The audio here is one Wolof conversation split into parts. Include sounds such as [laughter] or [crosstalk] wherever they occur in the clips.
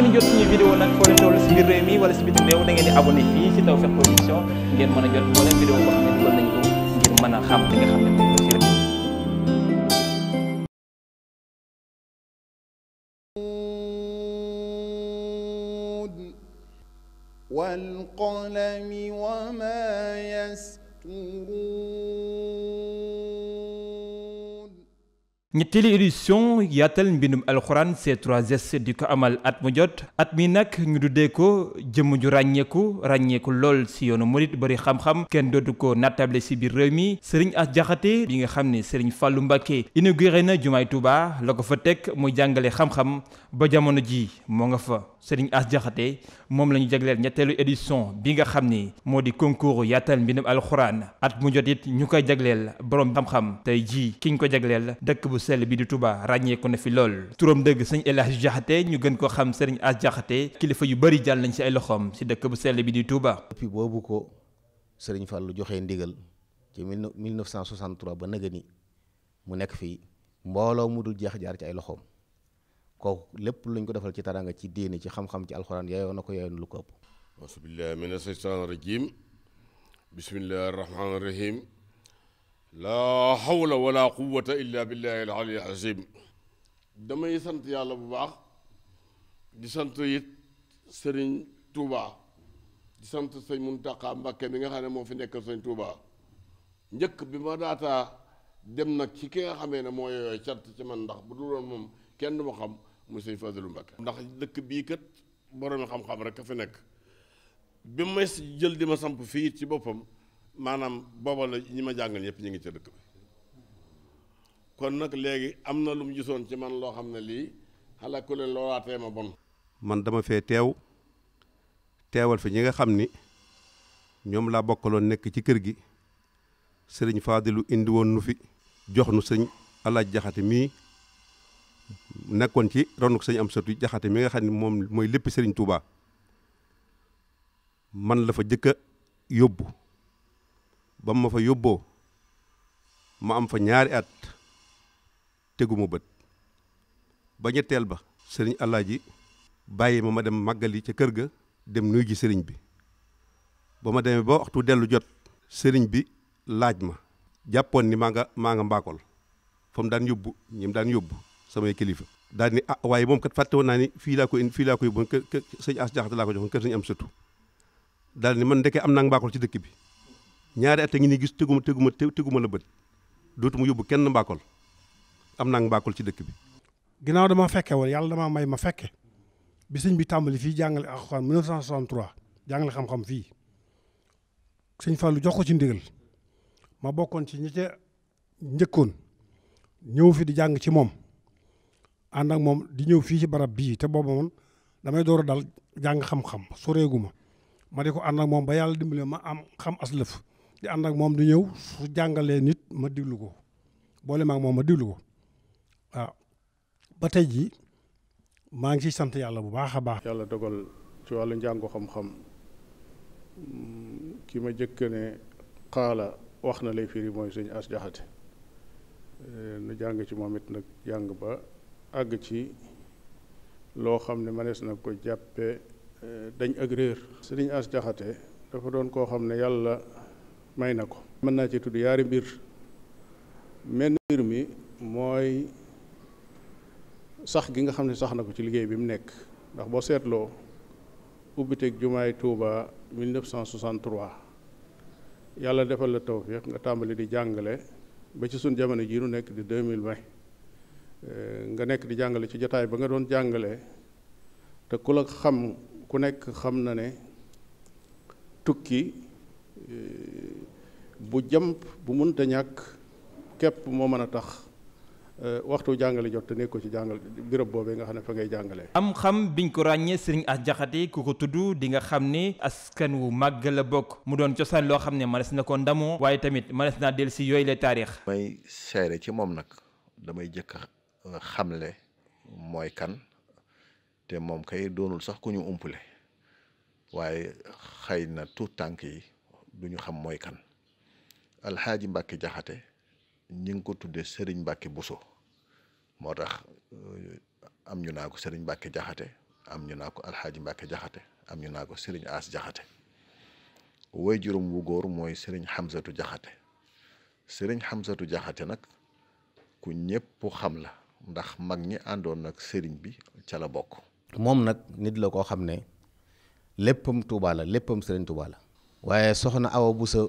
ngeen di jot suñuy vidéo nag foo leen toll si biir réew mi wala si biti réew da ngeen di abonné fii si Tawfekh Production ngeen mën a jot moo leen vidéo boo xam ne dugal nañ ko ngir mën a xam li nga xam ne moom la rek. wal qalami wa ma ñetteelu édition yaatal mbindum alxuraan c di ko amal at mu jot at mi nag ñu duddee ko jëmm ju ràññeeku ràññeeku lool si yoonu murit bari xam-xam kenn dootu ko nattable si biir réew mi sëriñ as jaxate bi nga xam ne sëriñ fàllu mbàkke inauguré na jumaay Tuuba la ko fa teg muy jàngale xam-xam ba jamono ji moo nga fa sëriñ As Jaxate moom la ñu jagleel ñetteelu édition bi nga xam ni moo di concours yaatal mbindum alxuraan at mu jot it ñu koy jagleel borom xam-xam tey jii ki ñu ko jagleel dëkk bu sell bi di Touba ràññeeku na fi lool turam dëgg sëñ El Hadj Jaxate ñu gën ko xam sëriñ As Jaxate kilifa yu bëri jàll nañ si ay loxoom si dëkk bu sell bi di Touba. depuis boobu ko sëriñ lu joxe ndigal ci 1963 ba nëgëni mu nekk fii mbooloo mu dul jeex jaar ci ay loxoom. kooku lépp luñ ko defal ci taranga ci diine ci xam-xam ci alxuraan yeyoo na ko yeyoo na lu ko ëpp asubillahi mina sheytaan rajim bismillahi rahmaani rahim laa hawla wala quwata illa billahi al ali azim damay sant yàlla bu baax di sant it sëriñ Touba di sant sëñ Muntaqa Mbakke bi nga xam ne moo fi nekk sëñ Touba njëkk bi ma daataa dem nag ci ki nga xamee ne moo yooyu cant ci man ndax bu dul woon moom kenn du ma xam muy sëñ Fadilu Mbàkke ndax dëkk bii kat boroomi xam-xam rek a fi nekk bi may jël di ma samp fii ci boppam maanaam booba la ñi ma jàngal ñëpp ñu ngi ca dëkk bi kon nag léegi am na lu mu gisoon ci man loo xam ne lii xalaat ku leen loolaatee ma bon. man dama fee teew teewal fi ñi nga xam ni ñoom laa bokkaloon nekk ci kër gi sëriñ Fadilu indi woon nu fi jox nu sëñ Alaaj Jaxate mii. nekkoon ci ronuk sëñ am sëtu jaxate mi nga xam ne moom mooy lépp sëriñ Touba man la fa jëkk yóbbu bam ma fa yóbboo ma am fa ñaari at teguma bët ba ñetteel ba sëriñ Alaaji bàyyi ma ma dem màggali ca kër ga dem nuy ji sëriñ bi ba ma demee ba waxtu dellu jot sëriñ bi laaj ma jàppoon ni maa nga maa nga mbaakol fa daan yóbbu ñi daan yóbbu samay kilifa daal ni ah waaye moom kat fàtte woon naa ni fii laa ko fii laa ko yóbbu kër kër sëñ as jaxate laa ko joxoon kër sëñ am sëtu daal ni man ndeke am naa mbaakool ci dëkk bi ñaari at a ngi ni gis teguma teguma teguma la bët dootuma yóbbu kenn mbaakool am naa mbaakool ci dëkk bi ginnaaw dama fekke woon yàlla damaa may ma fekke bi sëñ bi tàmbali fii jàngale alxuraan 1963 jàngale xam-xam fii sëñ Fallou jox ko ci ndigal ma bokkoon ci ñi ca njëkkoon ñëw fi di jàng ci moom ànd ak moom di ñëw fii ci barab bii te booba man damay door a dal jàng xam-xam soreegu ma ma di ko ànd ak moom ba yàlla dimbale ma am xam as lëf di ànd ak moom di ñëw su jàngalee nit ma diglu ko boole ma moom ma diglu ko ba tey jii maa ngi ciy sant yàlla bu baax a baax. yàlla dogal ci wàllu njàngu xam-xam mm, ki ma jëkk ne xaala wax na lay fiir mooy sëñ as jaxate eh, nu jàng ci moom it nag jàng ba. àgg ci loo xam ne manees na ko jàppe eh, dañ ak réer sëriñ As Jaxate dafa doon koo xam ne yàlla may na ko mën naa ci tudd yaari mbir menn mbir mi mooy sax gi nga xam ne sax na ko ci liggéey bi mu nekk ndax boo seetloo ubbiteeg jumaay Touba 1963 yàlla defal la tawfiq nga tàmbali di jàngale ba ci suñ jamono jii nu nekk di 2020 Eh, nga nekk di jàngale ci jotaay ba nga doon jàngale te ku la xam ku nekk xam na ne tukki eh, bu jàmp bu mun mënta ñàkk képp moo mën a tax eh, waxtu jàngale jot te nekk ko ci jàngale béréb boobee nga xam ne fa ngay jàngale am xam biñ ko ràññee sëriñ as jaxate ku ko tudd di nga xam ne askan wu màgg la bokk mu doon cosaan loo xam ne mënees na ko ndamoo waaye tamit mënees naa dellu si yooyu la taarix may seere ci moom nag damay jëkk xam xamle mooy kan te moom kay doonul sax ku ñu umpule waaye xëy na tuut tànk yi du ñu xam mooy kan alxaaji mbàkki jaxate ñi ngi ko tudde sëriñ mbàkki buso moo tax am ñu naa ko sëriñ mbàkki jaxate am ñu naa ko alxaaji mbàkki jaxate am ñu naa ko sëriñ aas jaxate woy juróom wu góor mooy sëriñ xamsatu jaxate sëriñ xamsatu jaxate nag ku ñépp xam la ndax mag ñi àndoon ak sëriñ bi ca la bokk. moom nag nit la koo xam ne léppam Touba la léppam sëriñ Touba la. waaye soxna Awa Boussa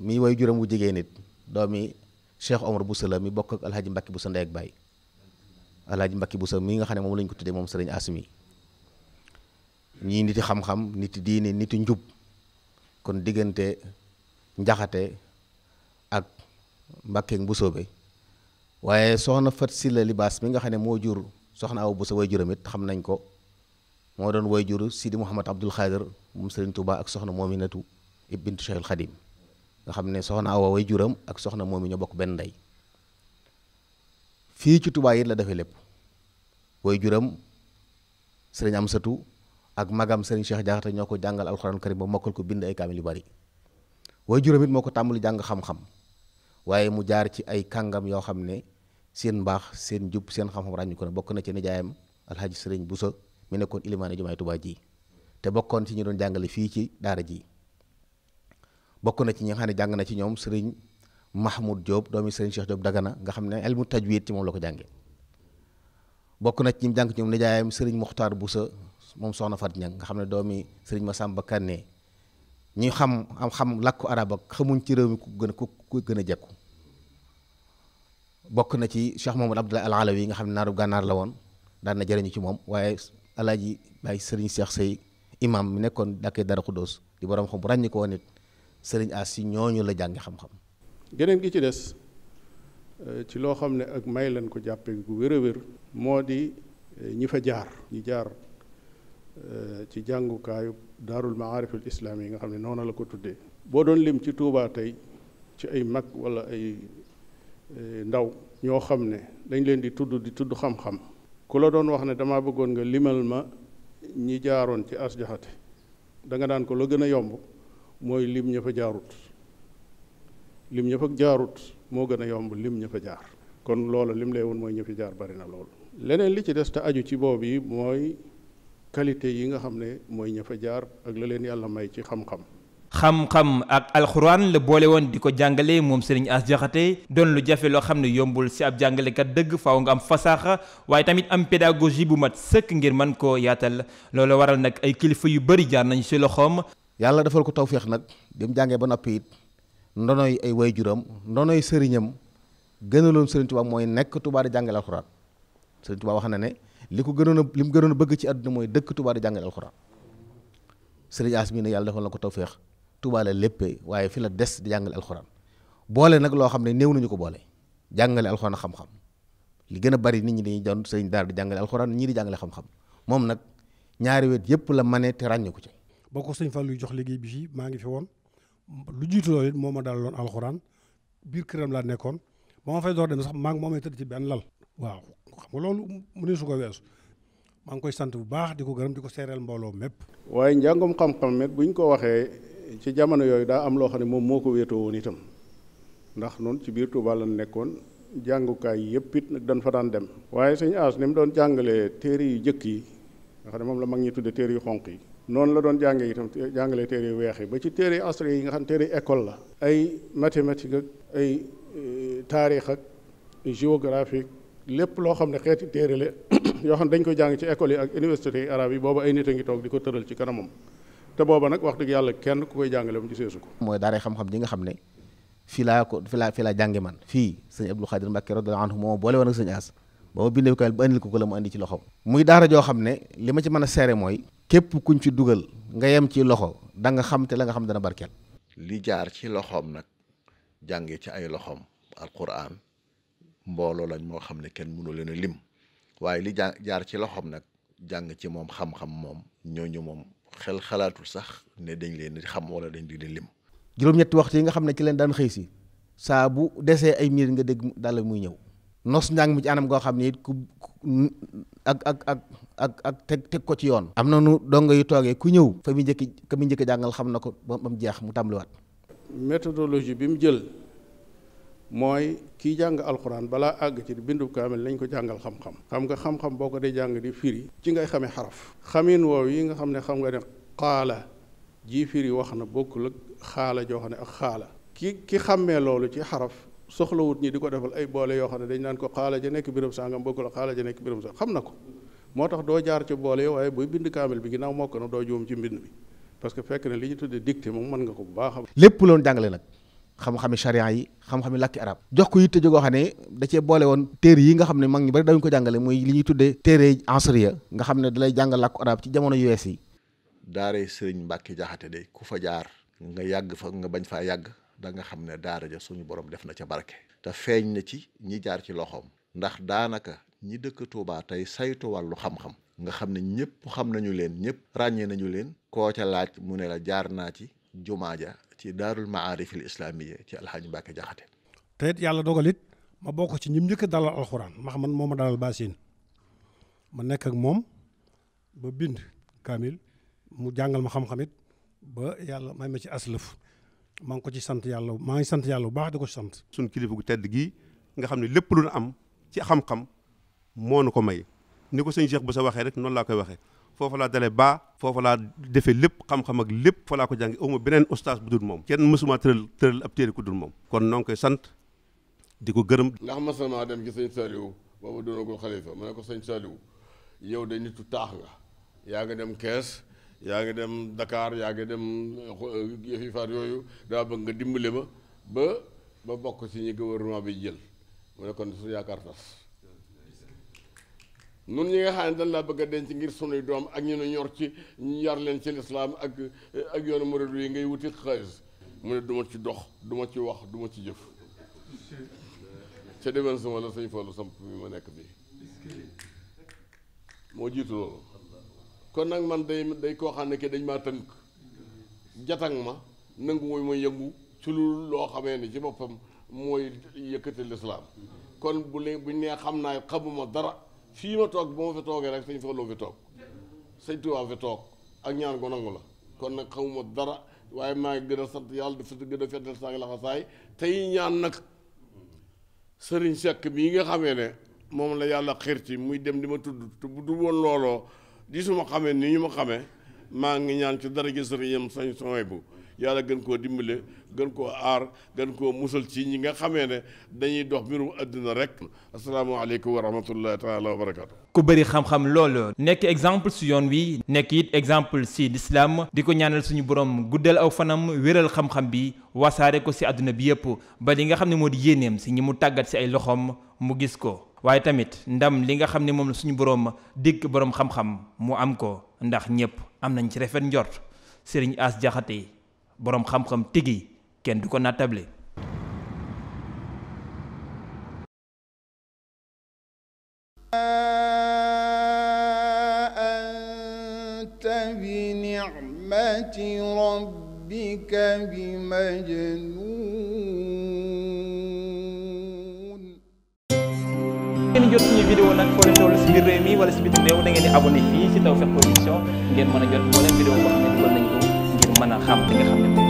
mi way juram bu jigéen nit doomi Cheikh Omar Boussa la mi bokk ak Alhaji Mbacke Boussa ndey ak baay Alhaji Mbacke Boussa mi nga xam ne moom lañ ko tuddee moom sëriñ Asmi ñii niti xam-xam niti diine niti njub kon diggante njaxate ak Mbacke Mbusoobe waaye soxna Fat Silla Libaas mi nga xam ne moo jur soxna Awa Bousso way juram xam nañ ko moo doon way jur Sidi Mouhamad Abdoul Khadir moom Serigne Touba ak soxna Mominatu ibntu Cheikhul Khadim nga xam ne soxna Awa way juram ak soxna Momi ñoo bokk benn ndey fii ci Touba it la defee lépp way juram am Amsatu ak magam Serigne Cheikh Diakhaté ñoo ko jàngal alxuraan karim ba mokkal ko bind ay kaamil yu bari way juram moo ko tàmbali jàng xam-xam. waaye mu jaar ci ay kàngam yoo xam ne seen mbaax seen jub seen xam-xam ràññu ko ne bokk na ci nijaayam alxaaji sëriñ Buso mi nekkoon ilimaane jumaay Tuubaa ji te bokkoon ci ñu doon jàngale fii ci daara ji bokk na ci ñi xam ne jàng na ci ñoom sëriñ Mahmoud Diop doomi sëriñ Cheikh Diop Dagana nga xam ne elmu tajwiid ci moom la ko jànge bokk na ci ñi jàng ci ñoom nijaayam sëriñ Muxtaar Buso moom soxna Fat Ñang nga xam ne doomi sëriñ Masamba Kanne ñu xam am xam làkku arab xamuñ ci réew mi ku gën a ku gën a jekku bokk na ci Cheikh Mamadou Abdoulaye Al Alawi yi nga xam ne naaru gànnaar la woon daan na jëriñu ci moom waaye yi bàyyi sëriñ Cheikh Sey imam mu nekkoon dàkkee dara xudóos di borom xam bu ràññi ko sëriñ as si ñooñu la jàngi xam-xam geneen gi ci des euh, ci loo xam ne ak may lañ ko jàppe gu wér a wér moo di euh, ñi fa jaar ñi jaar Eh, ci jàngukaayu daarul maariful islaam yi nga xam ne noona la ko tuddee boo doon lim ci Touba tey ci ay mag wala ay eh, ndaw ñoo xam ne dañ leen di tudd di tudd xam-xam ku la doon wax ne damaa bëggoon nga limal ma ñi jaaroon ci as jaxate da daan ko la gën a yomb mooy lim ña fa jaarut lim ña fa jaarut moo gën a yomb lim ña fa jaar kon loola lim lay woon mooy ña jaar bari na lool leneen li ci des te aju ci boobu yi mooy qualité yi nga xam ne mooy ña fa jaar ak la leen yàlla may ci xam-xam. xam-xam ak alxuraan la boole woon di ko jàngale moom Serigne Ass Diakhaté doon lu jafe loo xam ne yombul si ab jàngalekat dëgg faw nga am fasaaxa waaye tamit am pédagogie bu mat sëkk ngir man koo yaatal loolu waral nag ay kilifa yu bëri jaar nañu si loxoom. yàlla defal ko tawféex nag bi mu jàngee ba noppi it ndonoy ay waajuram ndonoy sëriñam gënaloon Serigne Touba mooy nekk Touba di jàngale alxuraan li ko gënoon a li mu gënoon bëgg ci àdduna mooy dëkk Touba di jàngale alxuraan sëriñ As mi ne yàlla defal na ko tawféex Touba la léppee waaye fi la des di jàngale alxuraan boole nag loo xam ne néew nañu ko boole jàngale alxuraan xam-xam li gën a bari nit ñi dañuy doon sëriñ daara di jàngale alxuraan ñii di jàngale xam-xam moom nag ñaari wet yëpp la mane te ràññee ko ci. boo ko fa luy jox liggéey bi fii maa ngi fi woon lu jiitu loolu it moo ma dalaloon alxuraan biir këram laa nekkoon ba ma fay door dem sax maa moom tëdd ci benn lal waaw xam nga loolu mu ne su ko weesu maa ngi koy sant bu baax di ko gërëm di ko seereel mbooloo mépp waaye njàngum xam-xam it bu ñu ko waxee ci jamono yooyu daa am loo xam ne moom moo ko wéetoo woon itam ndax noonu ci biir Touba la nekkoon jàngukaay yëpp it nag dan fa daan dem waaye sëñ As ni mu doon jàngalee téere yu jëkk yi nga xam ne moom la mag ñi tudde téere yu xonq yi noonu la doon jàngee itam jàngalee téere yu weex yi ba ci téere astre yi nga xam ne téere école la ay mathématique ak ay euh, taarix ak géographique lépp loo xam ne xeeti téere la [coughs] yoo xam ne dañ koy jàng ci école yi ak université yi arab yi booba ay nit a ngi toog di ko tëral ci kanamam te booba nag wax dëgg yàlla kenn ku koy jàngale mu ci seesu ko. mooy daaray xam-xam yi nga xam ne fii laa ko fii laa fii laa jànge man fii sëñ Abdul Xaadir Mbàkke radiyallaahu anhu moo boole woon ak sëñ As ba ma bindee ko ba andil ko ko la mu andi ci loxo muy daara joo xam ne li ma ci mën a seere mooy képp kuñ ci dugal nga yem ci loxo danga xam te la nga xam dana barkeel li jaar ci loxoom nag jànge ci ay loxoom alquran mbooloo lañ moo xam ne kenn mënu leen a lim waaye li ja jaar ci loxoom nag jàng ci moom xam-xam moom ñooñu moom xel xalaatul sax ne dañ leen xam wala dañ di lim. juróom-ñetti waxtu yi nga xam ne ci leen daan xëy si saa bu desee ay miir nga dégg dala muy ñëw noos njàng mu ci anam goo xam ne it ku ak ak ak ak teg teg ko ci yoon. am na nu dongo yu toogee ku ñëw. fa mu njëkk ka mu njëkk jàngal xam na ko ba mu jeex mu tàmbaliwaat. méthodologie bi mu jël. mooy kii jàng alxuraan balaa àgg ci bindu kaamil nañ ko jàngal xam-xam xam nga xam-xam boo ko dee jàng di firi ci ngay xamee xaraf xamin woow yi nga xam ne xam nga ne xaala jii firi wax na bokkul ak xaala joo xam ne ak xaala ki ki xàmmee loolu ci xaraf soxlawut ñi di ko defal ay boole yoo xam ne dañ naan ko xaala ja nekk biram sangam bokkul ak xaala ja nekk biram sangam xam na ko moo tax doo jaar ci boole yi waaye buy bind kaamil bi ginnaaw mokk na doo juum ci mbind bi parce fekk na li ñu tuddee dictée moom mën nga ko bu baax a lépp loolu jàngale nag xam-xami charia yi xam-xami làkki arab jox ko yitte jógoo xam ne da cee boole woon téere yi nga xam ne mag ñi bari dañu ko jàngale muy li ñuy tuddee téere ansariya nga xam ne dalay jàngal làkku jamono US yi daare sëriñ Mbàkke Jaxate de ku fa jaar nga yàgg fa nga bañ faa yàgg da nga xam ne daara ja suñu borom def na ca barke te feeñ na ci ñi jaar ci loxoom ndax daanaka ñi dëkk Tuubaa tey saytu wàllu xam-xam nga xam ne ñëpp xam nañu leen ñëpp ràññee nañu leen koo ca laaj mu ne la jaar naa ci jumaa ja ci daarul maarif al islaamiya ci alxaaji Mbàkke jaxate te it yàlla dogal it ma bokk ci ñim njëkk a dalal alxuraan max man moo ma dalal baasin ma nekk ak moom ba bind kaamil mu jàngal ma xam-xam ba yàlla may ma ci aslëf maa ngi ko ci sant yàlla maa ngi sant yàlla bu baax di ko sant. suñ kilifa gu tedd gii nga xam ne lépp lu nu am ci xam-xam moo nu ko may ni ko sëñ Cheikh bu sa waxee rek noonu laa koy waxee. foofa laa dalee baa foofu laa defee lépp xam-xam ak lépp fa laa ko jàngi awma beneen ostaas bu dul moom kenn mësuma tëral tëral ab téere ku moom kon noo koy sant di ko gërëm ndax masanaa dem ci sëñ Saliou boobu doonagul xalifa ma ne ko sëñ Saliou yow de nitu taax nga yaa nga dem kees yaa ngi dem Dakar yaa ngi dem eh, yëf faat yooyu daa bëgg nga dimbale ma ba ba bokk ci ñi gouvernement bi jël mu ne kon su yaakaar tas nun ñi nga xam ne dañ laa bëgg a denc ngir sunuy doom ak ñu nu ñor ci ñu yar leen ci lislaam ak ak yoonu murid yi ngay wuti xaalis mu ne duma ci dox duma ci wax duma ci jëf ca demen sama la sëñ Fallu samp bi ma nekk bi moo jiitu loolu kon nag man day day koo xam ne dañ maa tënk jatang ma nangu mooy ma yëngu ci lu loo xamee ni ci boppam mooy yëkkati lislaam kon bu lee bu nee xam naa xamuma dara fii ma toog boo ma fi toogee rek sëñ fooloo fi toog sëñ Tuubaa fi toog ak ñaan ko nangu la kon nag xamuma dara waaye maa ngi gën a sant yàlla dafa gën a fettal saa ngi la xasaay tey ñaan nag sëriñ bi bii nga xamee ne moom la yàlla xiir ci muy dem di ma tudd te bu du woon looloo di su ma xamee ni ñu ma xamee maa ngi ñaan ci dara gi sëriñam sañ sooy bu yàlla gën koo dimbale gën koo aar gën koo musal ci ñi nga xamee ne dañuy dox mbirum àddina rek asalaamaaleykum wa rahmatullahi taala wa barakaatu. ku bari xam-xam loolu nekk exemple si yoon wi nekk it exemple si lislaam di ko ñaanal suñu borom guddal aw fanaam wéral xam-xam bi wasaare ko si àdduna bi yëpp ba li nga xam ne moo di yéeneem si ñi mu tàggat si ay mu gis ko. waaye tamit ndam li nga xam ne moom la suñu boroom dikk boroom xam-xam mu am ko ndax ñépp am nañ ci rafet njort Serigne As Diakhaté boroom xam-xam tigi kenn du ko nattable anta bi ni'mati rabbika bi majnun ngeen jot suñu vidéo nag foo leen toll si biir réew wala si bitim réew da ngeen di abonné fii si Tawfekh ngeen mën a jot moo leen vidéo boo xam ne dugal nañ ko mën a xam li